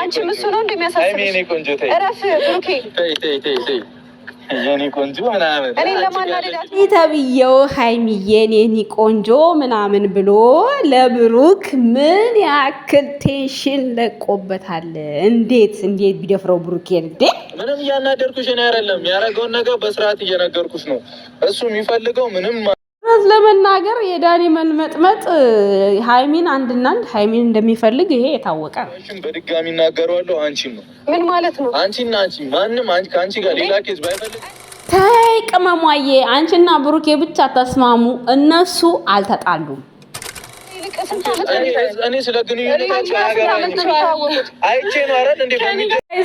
አንቺ ምሱ ነው እንደሚያሳስብሽ እረፍ ብሩኬ የኔ ቆንጆ ምናምን እኔ ተብዬው ሀይሚዬን የኔ ቆንጆ ምናምን ብሎ ለብሩክ ምን ያክል ቴንሽን ለቆበታል። እንዴት እንዴት ቢደፍረው ብሩኬን እንዴ! ምንም እያናደርኩሽ እኔ አይደለም ያደረገውን ነገር በስርዓት እየነገርኩሽ ነው። እሱ የሚፈልገው ምንም ለመናገር የዳኒ መልመጥመጥ ሀይሚን አንድና አንድ ሀይሚን እንደሚፈልግ ይሄ የታወቀ ነው። በድጋሚ እናገረዋለሁ። አንቺ ነው ምን ማለት ነው? አንቺና አንቺ ማንም ከአንቺ ጋር ሌላ ኬዝ ባይፈልግ ተይ ቅመሟዬ፣ አንቺና ብሩኬ ብቻ ተስማሙ። እነሱ አልተጣሉም።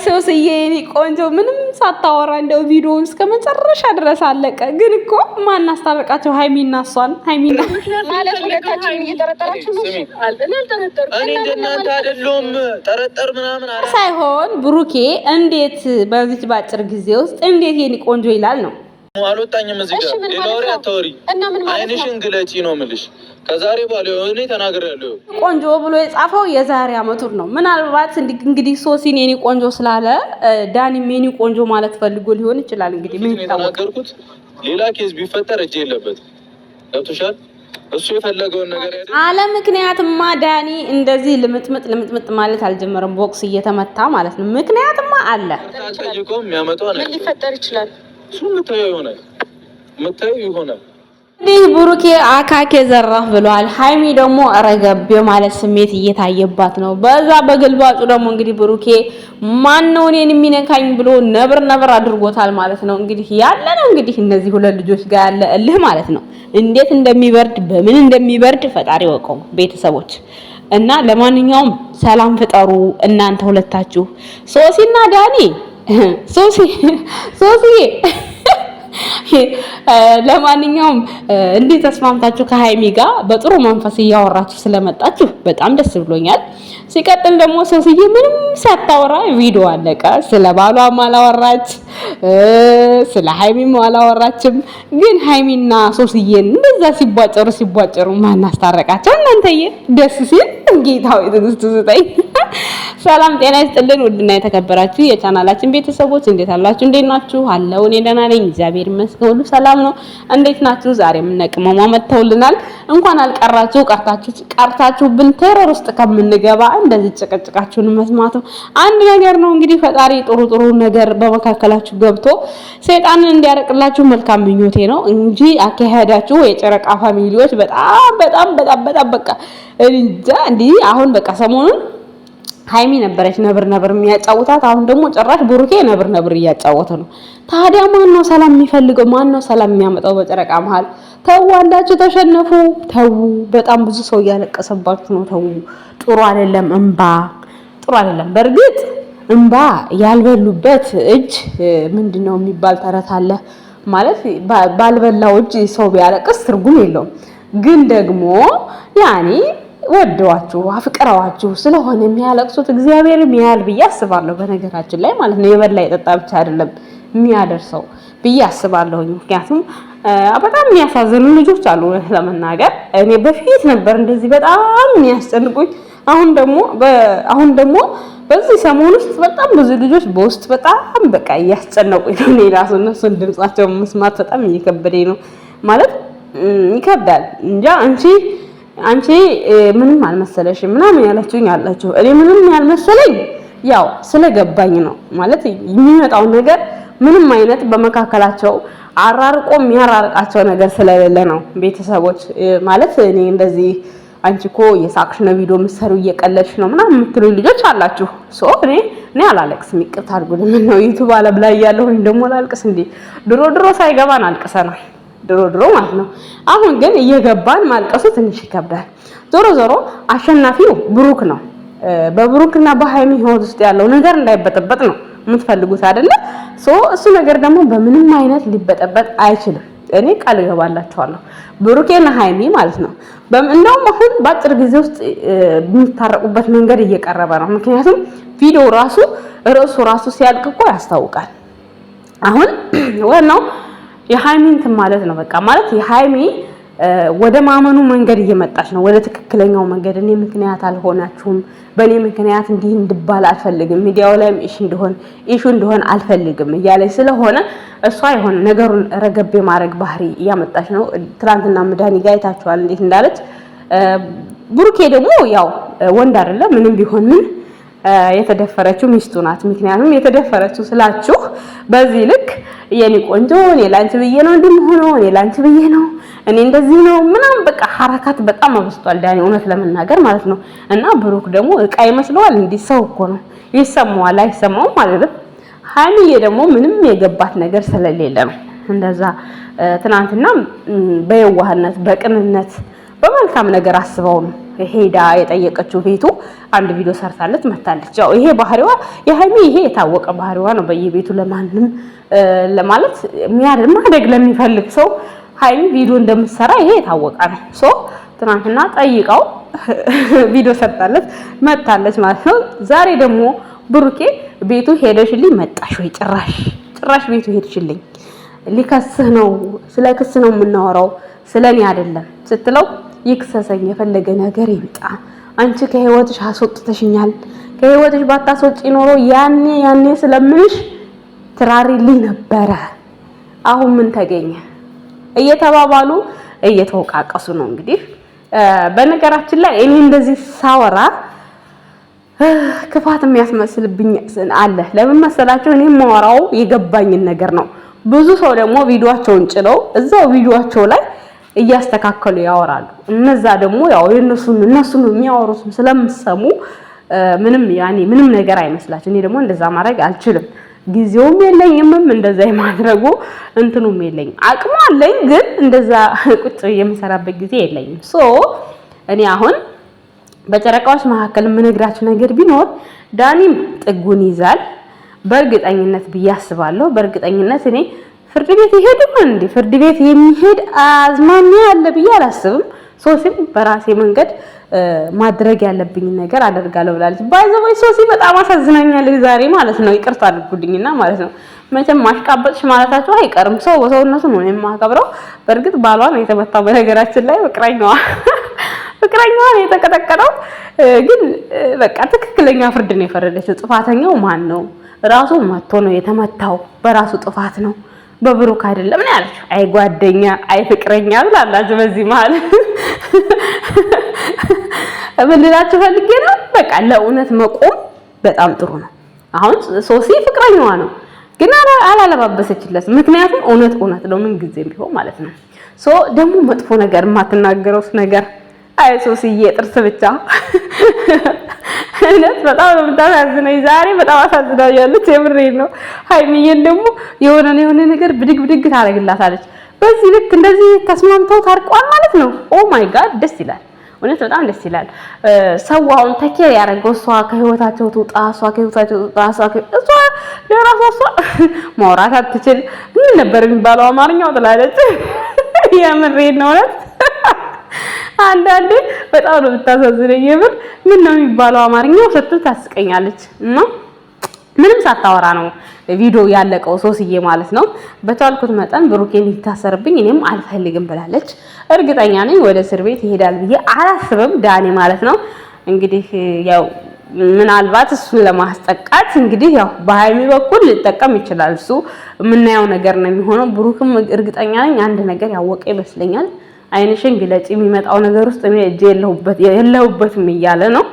ሰውስዬ የኔ ቆንጆ ምንም ሳታወራ እንደው ቪዲዮውን እስከ መጨረሻ ድረስ አለቀ። ግን እኮ ማን አስታረቃቸው? ሳይሆን ብሩኬ እንዴት በዚች ባጭር ጊዜ ውስጥ እንዴት የኔ ቆንጆ ይላል ነው። አልወጣኝም እዚህ ጋር ሌላ ወሬ አታወሪ፣ አይንሽን ግለጪ ነው የምልሽ ከዛሬ በኋላ የሆነ ተናግሬያለሁ። ቆንጆ ብሎ የጻፈው የዛሬ አመቱር ነው። ምናልባት እንግዲህ ሶሲን የኔ ቆንጆ ስላለ ዳኒም የኔ ቆንጆ ማለት ፈልጎ ሊሆን ይችላል። እንግዲህ ምን የተናገርኩት ሌላ ኬዝ ቢፈጠር እጅ የለበትም። ገብቶሻል? እሱ የፈለገውን ነገር አለ። ምክንያትማ ዳኒ እንደዚህ ልምጥምጥ ልምጥምጥ ማለት አልጀመረም፣ ቦክስ እየተመታ ማለት ነው። ምክንያትማ አለ። ጠይቆ የሚያመጣው ነገር ሊፈጠር ይችላል። እሱ የምታየው ይሆናል፣ የምታየው ይሆናል እንዲህ ብሩኬ አካኬ ዘራፍ ብሏል ሀይሚ ደግሞ ረገብ የማለት ስሜት እየታየባት ነው። በዛ በግልባጩ ደግሞ እንግዲህ ብሩኬ ማን ነው እኔን የሚነካኝ ብሎ ነብር ነብር አድርጎታል ማለት ነው። እንግዲህ ያለ ነው እንግዲህ እነዚህ ሁለት ልጆች ጋር ያለ እልህ ማለት ነው። እንዴት እንደሚበርድ በምን እንደሚበርድ ፈጣሪ ወቀው ቤተሰቦች እና ለማንኛውም ሰላም ፍጠሩ እናንተ ሁለታችሁ ሶሲና ዳኒ ሶሲ ሶሲ ለማንኛውም እንዴ ተስማምታችሁ ከሀይሚ ጋር በጥሩ መንፈስ እያወራችሁ ስለመጣችሁ በጣም ደስ ብሎኛል። ሲቀጥል ደግሞ ሰውስዬ ምንም ሳታወራ ቪዲዮ አለቀ። ስለ ባሏም አላወራች ስለ ሀይሚም አላወራችም። ግን ሀይሚና ሶስዬን እንደዛ ሲቧጨሩ ሲቧጨሩ ማናስታረቃቸው እናንተዬ ደስ ሲል ጌታዊ ትዕግስት ስጠኝ። ሰላም ጤና ይስጥልን። ውድና የተከበራችሁ የቻናላችን ቤተሰቦች እንዴት አላችሁ? እንዴት ናችሁ? አለው እኔ ደህና ነኝ፣ እግዚአብሔር ይመስገን፣ ሁሉ ሰላም ነው። እንዴት ናችሁ? ዛሬ የምነቅመማ መጥተውልናል። እንኳን አልቀራችሁ ቀርታችሁ ቀርታችሁብን ቴሮር ውስጥ ከምንገባ እንደዚህ ጭቅጭቃችሁን መስማቱ አንድ ነገር ነው። እንግዲህ ፈጣሪ ጥሩ ጥሩ ነገር በመካከላችሁ አካሄዳችሁ ገብቶ ሰይጣንን እንዲያረቅላችሁ መልካም ምኞቴ ነው እንጂ አካሄዳችሁ የጨረቃ ፋሚሊዎች በጣም በጣም በጣም በጣም በቃ እንጃ እንዲህ አሁን በቃ ሰሞኑን ሀይሚ ነበረች ነብር ነብር የሚያጫውታት። አሁን ደግሞ ጭራሽ ብሩኬ ነብር ነብር እያጫወተ ነው። ታዲያ ማን ነው ሰላም የሚፈልገው? ማን ነው ሰላም የሚያመጣው? በጨረቃ መሀል ተው፣ አንዳችሁ ተሸነፉ። ተው፣ በጣም ብዙ ሰው እያለቀሰባችሁ ነው። ተው፣ ጥሩ አይደለም። እንባ ጥሩ አይደለም በእርግጥ እምባ ያልበሉበት እጅ ምንድን ነው የሚባል ተረት አለ። ማለት ባልበላው እጅ ሰው ቢያለቅስ ትርጉም የለውም። ግን ደግሞ ያኔ ወደዋችሁ አፍቅረዋችሁ ስለሆነ የሚያለቅሱት እግዚአብሔር ያያል ብዬ አስባለሁ። በነገራችን ላይ ማለት ነው የበላ የጠጣ ብቻ አይደለም የሚያደርሰው ብዬ አስባለሁ። ምክንያቱም በጣም የሚያሳዝኑ ልጆች አሉ ለመናገር እኔ በፊት ነበር እንደዚህ በጣም የሚያስጨንቁኝ። አሁን ደግሞ አሁን ደግሞ በዚህ ሰሞን ውስጥ በጣም ብዙ ልጆች በውስጥ በጣም በቃ እያስጨነቁኝ ነው። እኔ ራሱ እነሱን መስማት በጣም እየከበደኝ ነው። ማለት ይከብዳል። እንጃ አንቺ አንቺ ምንም አልመሰለሽም ምናምን ያላችሁኝ አላችሁ። እኔ ምንም ያልመሰለኝ ያው ስለገባኝ ነው። ማለት የሚመጣው ነገር ምንም አይነት በመካከላቸው አራርቆ የሚያራርቃቸው ነገር ስለሌለ ነው። ቤተሰቦች ማለት እኔ እንደዚህ አንቺ እኮ የሳቅሽ ነው ቪዲዮ የምትሰሪው እየቀለድሽ ነው ምናምን የምትሉ ልጆች አላችሁ። ሶ እኔ እኔ አላለቅስም፣ ይቅርታ አድርጉልኝ። ምን ነው ዩቲዩብ አለም ላይ ያለው ወይ ደሞ ላልቅስ እንዴ? ድሮ ድሮ ሳይገባን አልቅሰናል፣ ድሮ ድሮ ማለት ነው። አሁን ግን እየገባን ማልቀሱ ትንሽ ይከብዳል። ዞሮ ዞሮ አሸናፊው ብሩክ ነው። በብሩክና በሃይሚ ህይወት ውስጥ ያለው ነገር እንዳይበጠበጥ ነው የምትፈልጉት አይደለ? ሶ እሱ ነገር ደግሞ በምንም አይነት ሊበጠበጥ አይችልም። እኔ ቃል እገባላችኋለሁ። ብሩኬና ሃይሚ ማለት ነው። እንደውም አሁን በአጭር ጊዜ ውስጥ የሚታረቁበት መንገድ እየቀረበ ነው። ምክንያቱም ቪዲዮ ራሱ ርዕሱ ራሱ ሲያልቅ እኮ ያስታውቃል። አሁን ዋናው የሃይሚ እንትን ማለት ነው በቃ ማለት የሃይሚ ወደ ማመኑ መንገድ እየመጣች ነው፣ ወደ ትክክለኛው መንገድ። እኔ ምክንያት አልሆናችሁም፣ በእኔ ምክንያት እንዲህ እንድባል አልፈልግም፣ ሚዲያው ላይም እሺ እንደሆን ኢሹ እንደሆን አልፈልግም እያለች ስለሆነ እሷ የሆነ ነገሩን ረገብ የማድረግ ባህሪ እያመጣች ነው። ትናንትና ምዳኒ ጋር አይታችኋል እንዴት እንዳለች። ብሩኬ ደግሞ ያው ወንድ አይደለም ምንም ቢሆን ምን የተደፈረችው ሚስቱ ናት። ምክንያቱም የተደፈረችው ስላችሁ በዚህ ልክ የኔ ቆንጆ እኔ ላንቺ ብዬ ነው እንዲህ የምሆነው፣ እኔ ላንቺ ብዬ ነው፣ እኔ እንደዚህ ነው ምናምን በቃ ሐረካት በጣም አብስቷል ዳኒ፣ እውነት ለመናገር ማለት ነው። እና ብሩክ ደግሞ እቃ ይመስለዋል። እንዲህ ሰው እኮ ነው ይሰማዋል፣ አይሰማውም አይደለም። ሀይሚዬ ደግሞ ምንም የገባት ነገር ስለሌለ ነው እንደዛ ትናንትና በየዋህነት በቅንነት በመልካም ነገር አስበው ነው ሄዳ የጠየቀችው ቤቱ አንድ ቪዲዮ ሰርታለት መታለች። ያው ይሄ ባህሪዋ የሀይሚ ይሄ የታወቀ ባህሪዋ ነው። በየቤቱ ለማንም ለማለት ማደግ ለሚፈልግ ሰው ሀይሚ ቪዲዮ እንደምትሰራ ይሄ የታወቀ ነው። ሶ ትናንትና ጠይቀው ቪዲዮ ሰርታለች መታለች ማለት ነው። ዛሬ ደግሞ ብሩኬ ቤቱ ሄደሽልኝ መጣሽ ወይ? ጭራሽ ጭራሽ ቤቱ ሄድሽልኝ፣ ሊከስህ ነው፣ ስለ ክስ ነው የምናወራው ስለኔ አይደለም ስትለው ይክሰሰኝ፣ የፈለገ ነገር ይምጣ። አንቺ ከህይወትሽ አስወጥተሽኛል። ከህይወትሽ ባታስወጪ ኖሮ ያኔ ያኔ ስለምንሽ ትራሪልኝ ነበረ። አሁን ምን ተገኘ? እየተባባሉ እየተወቃቀሱ ነው እንግዲህ። በነገራችን ላይ እኔ እንደዚህ ሳወራ ክፋት የሚያስመስልብኝ አለ። ለምን መሰላችሁ? እኔ የማወራው የገባኝን ነገር ነው። ብዙ ሰው ደግሞ ቪዲዮአቸውን ጭለው እዛው ቪዲዮአቸው ላይ እያስተካከሉ ያወራሉ። እነዛ ደግሞ ያው የነሱን እነሱን የሚያወሩትን ስለምሰሙ ምንም ያኔ ምንም ነገር አይመስላችሁ። እኔ ደግሞ እንደዛ ማድረግ አልችልም፣ ጊዜውም የለኝምም እንደዛ የማድረጉ እንትኑም የለኝም። አቅሙ አለኝ፣ ግን እንደዛ ቁጭ የምሰራበት ጊዜ የለኝም። ሶ እኔ አሁን በጨረቃዎች መካከል የምነግራችሁ ነገር ቢኖር ዳኒም ጥጉን ይዛል በእርግጠኝነት ብዬ አስባለሁ። በእርግጠኝነት እኔ ፍርድ ቤት ይሄድ እንዴ? ፍርድ ቤት የሚሄድ አዝማሚያ አለ ብዬ አላስብም። ሶሲም በራሴ መንገድ ማድረግ ያለብኝ ነገር አደርጋለሁ ብላለች። ባይዘወይ ሶሲ በጣም አሳዝናኛለች ዛሬ ማለት ነው። ይቅርታ አድርጉልኝና ማለት ነው። መቼም ማሽቃበጥሽ ማለታቸው አይቀርም። ሰው በሰውነቱ ነው የማከብረው። በእርግጥ ነው የተመታው በነገራችን ላይ ፍቅረኛዋ ፍቅረኛዋ ነው የተቀጠቀጠው። ግን በቃ ትክክለኛ ፍርድ ነው የፈረደችው። ጥፋተኛው ማን ነው? ራሱ መቶ ነው የተመታው። በራሱ ጥፋት ነው በብሩክ አይደለም ነው ያለችው። አይ ጓደኛ፣ አይ ፍቅረኛ ብላላችሁ። በዚህ መሀል ምን ፈልጌ ነው፣ በቃ ለእውነት መቆም በጣም ጥሩ ነው። አሁን ሶሲ ፍቅረኛዋ ነው ግን አላለባበሰችለት። ምክንያቱም እውነት እውነት ነው፣ ምን ጊዜም ቢሆን ማለት ነው። ሶ ደግሞ መጥፎ ነገር የማትናገረው ነገር አይ ሶሲዬ ጥርስ ብቻ እውነት በጣም ነው የምታሳዝነኝ። ዛሬ በጣም አሳዝናኛለች። የምሬን ነው። ሀይሚዬን ደግሞ የሆነ የሆነ ነገር ብድግ ብድግ ታደርግላታለች። በዚህ ልክ እንደዚህ ተስማምተው ታርቋል ማለት ነው። ኦ ማይ ጋድ ደስ ይላል። እውነት በጣም ደስ ይላል። ሰው አሁን ተኬር ያደረገው እሷ ከህይወታቸው ትውጣ፣ እሷ ከህይወታቸው ትውጣ፣ እሷ እሷ ለራሷ እሷ ማውራት አትችል ምን ነበር የሚባለው አማርኛው ትላለች። የምሬን ነው እውነት አንዳንዴ በጣም ነው የምታሳዝነኝ። የምር ምን ነው የሚባለው አማርኛው ስትል ታስቀኛለች እና ምንም ሳታወራ ነው ቪዲዮ ያለቀው ሶስዬ ማለት ነው። በቻልኩት መጠን ብሩኬ እንዲታሰርብኝ እኔም አልፈልግም ብላለች። እርግጠኛ ነኝ ወደ እስር ቤት ይሄዳል ብዬ አላስብም ዳኔ ማለት ነው። እንግዲህ ያው ምናልባት እሱን ለማስጠቃት እንግዲህ ያው በሀይሚ በኩል ሊጠቀም ይችላል። እሱ የምናየው ነገር ነው የሚሆነው። ብሩክም እርግጠኛ ነኝ አንድ ነገር ያወቀ ይመስለኛል። አይንሽን ግለጪ፣ የሚመጣው ነገር ውስጥ እኔ እጄ የለሁበትም እያለ ነው።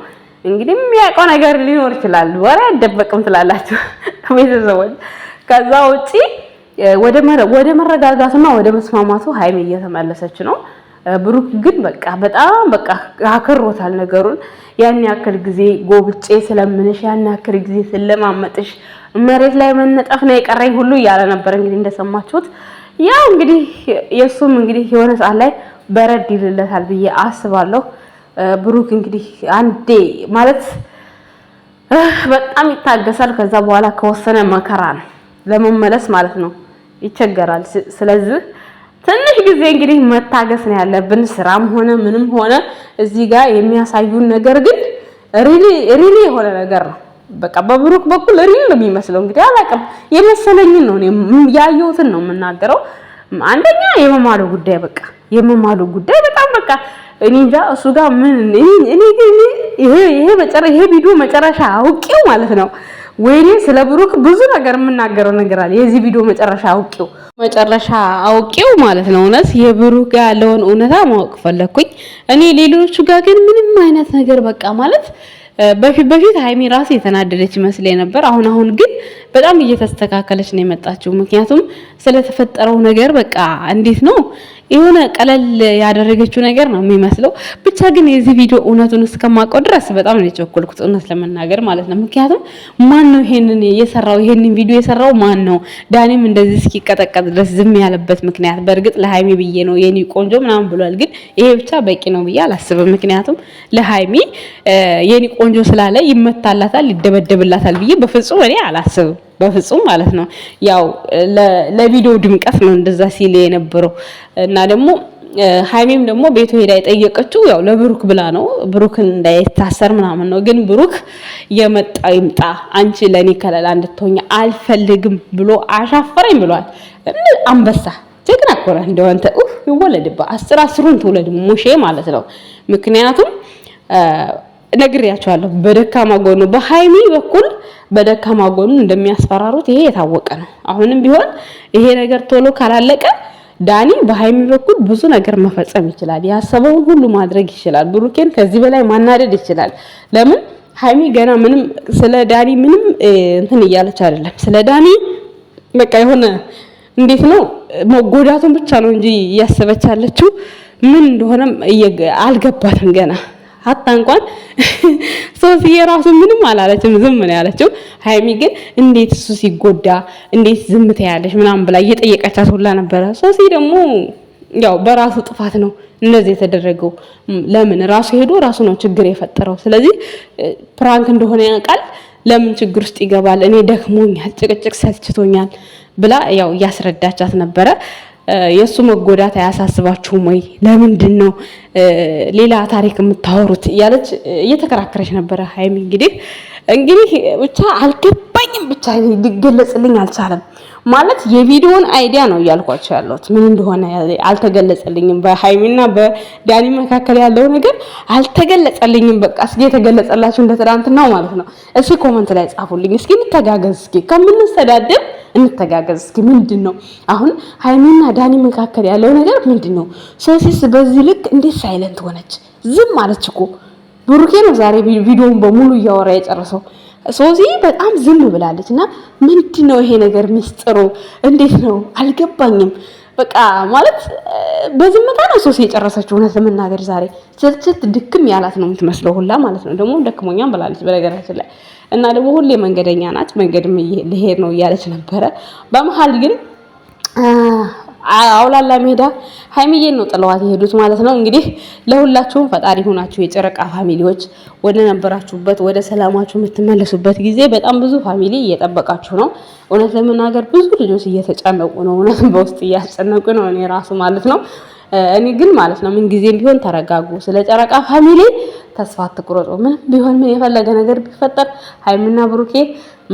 እንግዲህ የሚያውቀው ነገር ሊኖር ይችላል። ወሬ አይደበቅም ትላላችሁ ቤተሰቦች። ከዛ ውጪ ወደ መረጋጋቱና ወደ መስማማቱ ሀይሚ እየተመለሰች ነው። ብሩክ ግን በቃ በጣም በቃ አክሮታል ነገሩን። ያን ያክል ጊዜ ጎብጬ ስለምንሽ፣ ያን ያክል ጊዜ ስለማመጥሽ፣ መሬት ላይ መነጠፍ ነው የቀረኝ ሁሉ እያለ ነበር እንግዲህ እንደሰማችሁት ያው እንግዲህ የእሱም እንግዲህ የሆነ ሰዓት ላይ በረድ ይልለታል ብዬ አስባለሁ። ብሩክ እንግዲህ አንዴ ማለት በጣም ይታገሳል። ከዛ በኋላ ከወሰነ መከራ ነው ለመመለስ ማለት ነው ይቸገራል። ስለዚህ ትንሽ ጊዜ እንግዲህ መታገስ ነው ያለብን። ስራም ሆነ ምንም ሆነ እዚህ ጋር የሚያሳዩን ነገር ግን ሪሊ የሆነ ነገር ነው በቃ በብሩክ በኩል ሪል ነው የሚመስለው። እንግዲህ አላውቅም፣ የመሰለኝን ነው ያየሁትን ነው የምናገረው። አንደኛ የመማሉ ጉዳይ በቃ የመማሉ ጉዳይ በጣም በቃ እኔ እንጃ እሱ ጋር ምን እኔ ይሄ ይሄ መጨረሻ ይሄ ቪዲዮ መጨረሻ አውቂው ማለት ነው። ወይኔ ስለ ብሩክ ብዙ ነገር የምናገረው ነገር አለ። የዚህ ቪዲዮ መጨረሻ አውቂው መጨረሻ አውቂው ማለት ነው። እውነት የብሩክ ያለውን እውነታ ማወቅ ፈለኩኝ እኔ። ሌሎቹ ጋር ግን ምንም አይነት ነገር በቃ ማለት በፊት በፊት ሀይሚ ራሴ የተናደደች መስለኝ ነበር። አሁን አሁን ግን በጣም እየተስተካከለች ነው የመጣችው። ምክንያቱም ስለተፈጠረው ነገር በቃ እንዴት ነው የሆነ ቀለል ያደረገችው ነገር ነው የሚመስለው። ብቻ ግን የዚህ ቪዲዮ እውነቱን እስከማውቀው ድረስ በጣም ነው የቸኮልኩት እውነት ለመናገር ማለት ነው። ምክንያቱም ማን ነው ይሄንን የሰራው? ይሄንን ቪዲዮ የሰራው ማን ነው? ዳኒም እንደዚህ እስኪቀጠቀጥ ድረስ ዝም ያለበት ምክንያት በእርግጥ ለሀይሚ ብዬ ነው የኔ ቆንጆ ምናምን ብሏል። ግን ይሄ ብቻ በቂ ነው ብዬ አላስብም። ምክንያቱም ለሀይሚ የኔ ቆንጆ ስላለ ይመታላታል፣ ይደበደብላታል ብዬ በፍጹም እኔ አላስብም። በፍጹም ማለት ነው። ያው ለቪዲዮ ድምቀት ነው እንደዛ ሲል የነበረው እና ደግሞ ሀይሜም ደግሞ ቤቱ ሄዳ የጠየቀችው ያው ለብሩክ ብላ ነው፣ ብሩክ እንዳይታሰር ምናምን ነው። ግን ብሩክ የመጣ ይምጣ፣ አንቺ ለእኔ ከለላ እንድትሆኝ አልፈልግም ብሎ አሻፈረኝ ብሏል። አንበሳ ጀግና ኮረ ነህ እንደው ይወለድባ አስር አስሩን ትውለድ ሙሼ ማለት ነው። ምክንያቱም ነግሬያቸዋለሁ በደካማ ጎኑ በሀይሚ በኩል በደካማ ጎኑ እንደሚያስፈራሩት ይሄ የታወቀ ነው። አሁንም ቢሆን ይሄ ነገር ቶሎ ካላለቀ ዳኒ በሀይሚ በኩል ብዙ ነገር መፈጸም ይችላል። ያሰበውን ሁሉ ማድረግ ይችላል። ብሩኬን ከዚህ በላይ ማናደድ ይችላል። ለምን ሀይሚ ገና ምንም ስለ ዳኒ ምንም እንትን እያለች አይደለም። ስለ ዳኒ በቃ የሆነ እንዴት ነው መጎዳቱን ብቻ ነው እንጂ እያሰበች ያለችው ምን እንደሆነም አልገባትም ገና ሀታ እንኳን ሶሲ የራሱ ምንም አላለችም፣ ዝም ነው ያለችው። ሀይሚ ግን እንዴት እሱ ሲጎዳ እንዴት ዝም ትያለሽ ምናምን ብላ እየጠየቀቻት ሁላ ነበረ። ሶሲ ደግሞ ያው በራሱ ጥፋት ነው እንደዚህ የተደረገው። ለምን ራሱ ሄዶ ራሱ ነው ችግር የፈጠረው። ስለዚህ ፕራንክ እንደሆነ ያውቃል። ለምን ችግር ውስጥ ይገባል? እኔ ደክሞኛል፣ ጭቅጭቅ ሰልችቶኛል ብላ ያው እያስረዳቻት ነበረ። የእሱ መጎዳት አያሳስባችሁም ወይ? ለምንድን ነው ሌላ ታሪክ የምታወሩት? እያለች እየተከራከረች ነበረ ሀይሚ እንግዲህ እንግዲህ ብቻ አልገባኝም፣ ብቻ ሊገለጽልኝ አልቻለም። ማለት የቪዲዮን አይዲያ ነው እያልኳቸው ያለሁት ምን እንደሆነ አልተገለጸልኝም። በሃይሚና በዳኒ መካከል ያለው ነገር አልተገለጸልኝም። በቃ እስኪ የተገለጸላችሁ እንደ ትናንትናው ማለት ነው። እስኪ ኮመንት ላይ ጻፉልኝ፣ እስኪ እንተጋገዝ፣ እስኪ ከምንሰዳደብ እንተጋገዝ። እስኪ ምንድን ነው አሁን ሃይሚና ዳኒ መካከል ያለው ነገር ምንድን ነው? ሶሲስ በዚህ ልክ እንዴት ሳይለንት ሆነች? ዝም አለች እኮ ብሩኬ ነው ዛሬ ቪዲዮውን በሙሉ እያወራ የጨረሰው። ሶሲ በጣም ዝም ብላለች እና ምንድን ነው ይሄ ነገር ሚስጥሩ እንዴት ነው አልገባኝም። በቃ ማለት በዝምታ ነው ሶሲ የጨረሰችው። እውነት ለመናገር ዛሬ ስትስት ድክም ያላት ነው የምትመስለው ሁላ ማለት ነው። ደግሞ ደክሞኛም ብላለች በነገራችን ላይ እና ደግሞ ሁሌ መንገደኛ ናት። መንገድም ልሄድ ነው እያለች ነበረ በመሀል ግን አውላላ ሜዳ ሀይሚዬን ነው ጥለዋት የሄዱት ማለት ነው። እንግዲህ ለሁላችሁም ፈጣሪ ሆናችሁ የጨረቃ ፋሚሊዎች ወደ ነበራችሁበት ወደ ሰላማችሁ የምትመለሱበት ጊዜ በጣም ብዙ ፋሚሊ እየጠበቃችሁ ነው። እውነት ለመናገር ብዙ ልጆች እየተጨነቁ ነው። እውነት በውስጥ እያስጨነቁ ነው፣ እኔ ራሱ ማለት ነው። እኔ ግን ማለት ነው ምን ጊዜም ቢሆን ተረጋጉ። ስለ ጨረቃ ፋሚሊ ተስፋ አትቁረጡ። ምንም ቢሆን ምን የፈለገ ነገር ቢፈጠር ሀይሚና ብሩኬ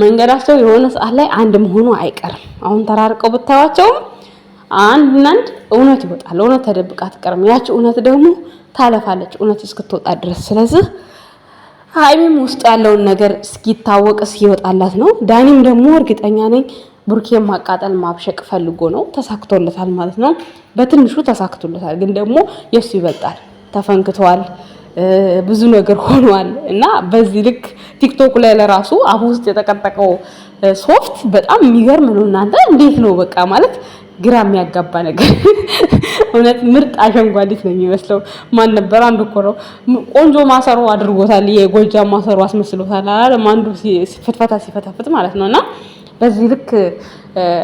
መንገዳቸው የሆነ ሰዓት ላይ አንድ መሆኑ አይቀርም። አሁን ተራርቀው ብታዩዋቸውም አንዳንድ እውነት ይወጣል። እውነት ተደብቃ አትቀርም። ያች እውነት ደግሞ ታለፋለች እውነት እስክትወጣ ድረስ። ስለዚህ ሀይሚም ውስጥ ያለውን ነገር እስኪታወቅስ ይወጣላት ነው። ዳኒም ደግሞ እርግጠኛ ነኝ ብሩኬን ማቃጠል ማብሸቅ ፈልጎ ነው። ተሳክቶለታል ማለት ነው። በትንሹ ተሳክቶለታል፣ ግን ደግሞ የሱ ይበልጣል። ተፈንክተዋል፣ ብዙ ነገር ሆኗል እና በዚህ ልክ ቲክቶክ ላይ ለራሱ አፉ ውስጥ የተቀጠቀው ሶፍት በጣም የሚገርም ነው። እናንተ እንዴት ነው በቃ ማለት ግራ የሚያጋባ ነገር እውነት ምርጥ አሸንጓሊት ነው የሚመስለው። ማን ነበር አንዱ እኮ ነው ቆንጆ ማሰሮ አድርጎታል። የጎጃም ማሰሮ አስመስሎታል። አላለም አንዱ ፍትፈታ ሲፈታፍት ማለት ነው። እና በዚህ ልክ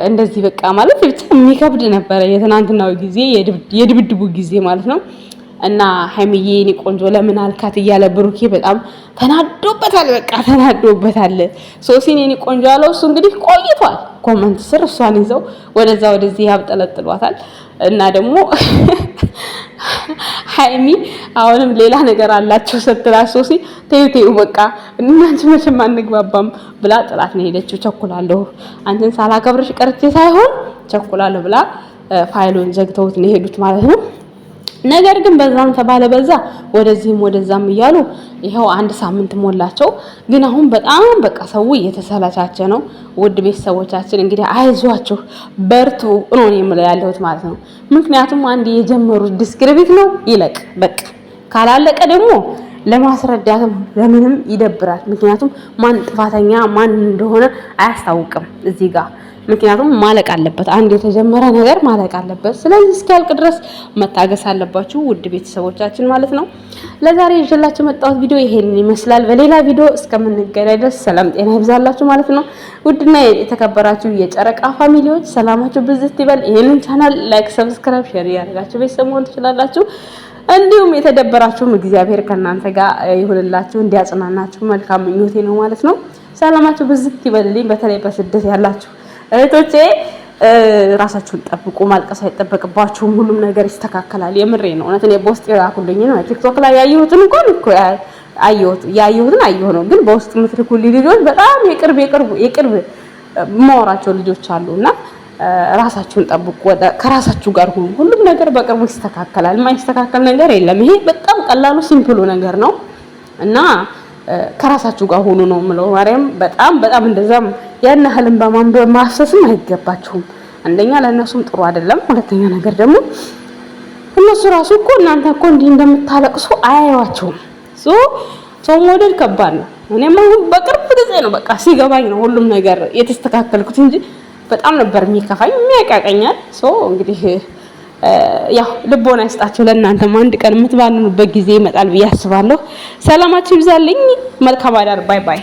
እንደዚህ በቃ ማለት ብቻ የሚከብድ ነበረ የትናንትናው ጊዜ የድብድቡ ጊዜ ማለት ነው። እና ሀይሚዬ እኔ ቆንጆ ለምን አልካት እያለ ብሩኬ በጣም ተናዶበታል። በቃ ተናዶበታል። ሶሲን እኔ ቆንጆ ያለው እሱ እንግዲህ ቆይቷል። ኮመንት ስር እሷን ይዘው ወደዛ ወደዚህ ያብጠለጥሏታል። እና ደግሞ ሀይሚ አሁንም ሌላ ነገር አላቸው ስትላ ሶሲ ተይው ተይው በቃ እናንተ መቼም አንግባባም ብላ ጥላት ነው ሄደችው። ቸኩላለሁ አንተን ሳላከብርሽ ቀርቼ ሳይሆን ቸኩላለሁ ብላ ፋይሉን ዘግተውት ነው ሄዱት ማለት ነው። ነገር ግን በዛም ተባለ በዛ ወደዚህም ወደዛም እያሉ ይኸው አንድ ሳምንት ሞላቸው። ግን አሁን በጣም በቃ ሰው እየተሰላቻቸ ነው። ውድ ቤተሰቦቻችን እንግዲህ አይዟችሁ በርቱ ነው የምለው ያለሁት ማለት ነው። ምክንያቱም አንድ የጀመሩት ዲስክሪቢት ነው ይለቅ በቃ ካላለቀ ደግሞ ለማስረዳትም ለምንም ይደብራል። ምክንያቱም ማን ጥፋተኛ ማን እንደሆነ አያስታውቅም እዚህ ጋር ምክንያቱም ማለቅ አለበት። አንድ የተጀመረ ነገር ማለቅ አለበት። ስለዚህ እስኪያልቅ ድረስ መታገስ አለባችሁ ውድ ቤተሰቦቻችን ማለት ነው። ለዛሬ ይዤላችሁ የመጣሁት ቪዲዮ ይሄንን ይመስላል። በሌላ ቪዲዮ እስከምንገናኝ ድረስ ሰላም ጤና ይብዛላችሁ ማለት ነው። ውድና የተከበራችሁ የጨረቃ ፋሚሊዎች ሰላማችሁ ብዝት ይበል። ይሄንን ቻናል ላይክ፣ ሰብስክራይብ፣ ሼር ያደርጋችሁ ቤተሰብ መሆን ትችላላችሁ። እንዲሁም የተደበራችሁም እግዚአብሔር ከእናንተ ጋር ይሁንላችሁ፣ እንዲያጽናናችሁ መልካም ምኞቴ ነው ማለት ነው። ሰላማችሁ ብዝት ይበልልኝ። በተለይ በስደት ያላችሁ እህቶቼ ራሳችሁን ጠብቁ። ማልቀስ አይጠበቅባችሁም። ሁሉም ነገር ይስተካከላል። የምሬ ነው። እውነት እኔ በውስጥ ነው። ቲክቶክ ላይ ያየሁትን እንኳን እኮ አየሁት ያየሁትን አየሁ ነው። ግን በውስጥ የምትልኩልኝ ልጆች በጣም የቅርብ የቅርብ የቅርብ የማወራቸው ልጆች እና ራሳችሁን ጠብቁ። ከራሳችሁ ጋር ሁኑ። ሁሉም ነገር በቅርቡ ይስተካከላል። የማይስተካከል ነገር የለም። ይሄ በጣም ቀላሉ ሲምፕሉ ነገር ነው እና ከራሳችሁ ጋር ሆኑ ነው የምለው። ማርያም በጣም በጣም እንደዛም ያን ያህልም በማንበብ ማፍሰስም አይገባችሁም። አንደኛ ለእነሱም ጥሩ አይደለም። ሁለተኛ ነገር ደግሞ እነሱ ራሱ እኮ እናንተ እኮ እንዲህ እንደምታለቅሱ አያዩዋችሁም። ሶ ሰው መውደድ ከባድ ነው። እኔም አሁን በቅርብ ጊዜ ነው በቃ ሲገባኝ ነው ሁሉም ነገር የተስተካከልኩት እንጂ በጣም ነበር የሚከፋኝ፣ የሚያቃቀኛል። ሶ እንግዲህ ያው ልቦና ይስጣችሁ። ለእናንተም አንድ ቀን የምትባንኑበት ጊዜ ይመጣል ብዬ አስባለሁ። ሰላማችሁ ይብዛልኝ። መልካም አዳር። ባይ ባይ